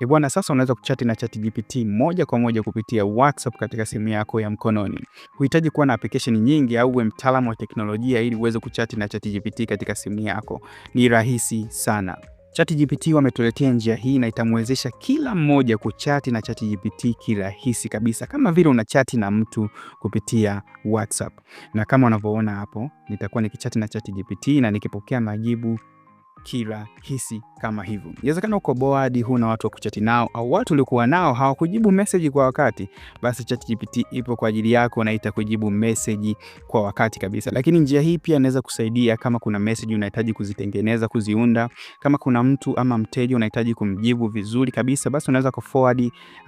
E bwana, sasa unaweza kuchati na ChatGPT moja kwa moja kupitia WhatsApp katika simu yako ya mkononi. Huhitaji kuwa na application nyingi au uwe mtaalamu wa teknolojia ili uweze kuchati na ChatGPT katika simu yako. Ni rahisi sana. ChatGPT wametuletea njia hii na itamwezesha kila mmoja kuchati na ChatGPT kirahisi kabisa, kama vile unachati na mtu kupitia WhatsApp. Na kama unavyoona hapo, nitakuwa nikichati na ChatGPT na nikipokea majibu kirahisi kama hivyo. Inawezekana uko board, huna watu wa kuchati nao, au watu uliokuwa nao hawakujibu message kwa wakati, basi ChatGPT ipo kwa ajili yako na itakujibu message kwa wakati kabisa. Lakini njia hii pia inaweza kusaidia kama kuna message unahitaji kuzitengeneza, kuziunda, kama kuna mtu ama mteja unahitaji kumjibu vizuri kabisa, basi unaweza uh,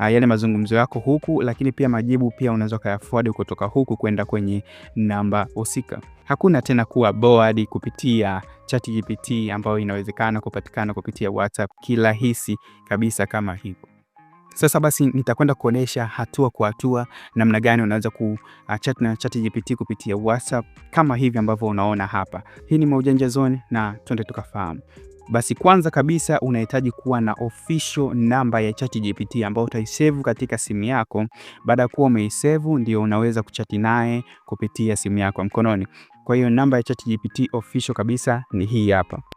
yale mazungumzo yako huku, lakini pia majibu pia unaweza forward kutoka huku kwenda kwenye namba husika. Hakuna tena kuwa board kupitia ChatGPT ambayo inawezekana kupatikana kupitia WhatsApp kirahisi kabisa kama hivyo. Sasa basi nitakwenda kuonyesha hatua kwa hatua namna gani unaweza kuchat uh, na ChatGPT kupitia WhatsApp kama hivi ambavyo unaona hapa. Hii ni Maujanja Zone na twende tukafahamu. Basi kwanza kabisa unahitaji kuwa na official namba ya ChatGPT ambayo utaisevu katika simu yako. Baada ya kuwa umeisevu, ndio unaweza kuchati naye kupitia simu yako mkononi. Kwa hiyo namba ya ChatGPT official kabisa ni hii hapa.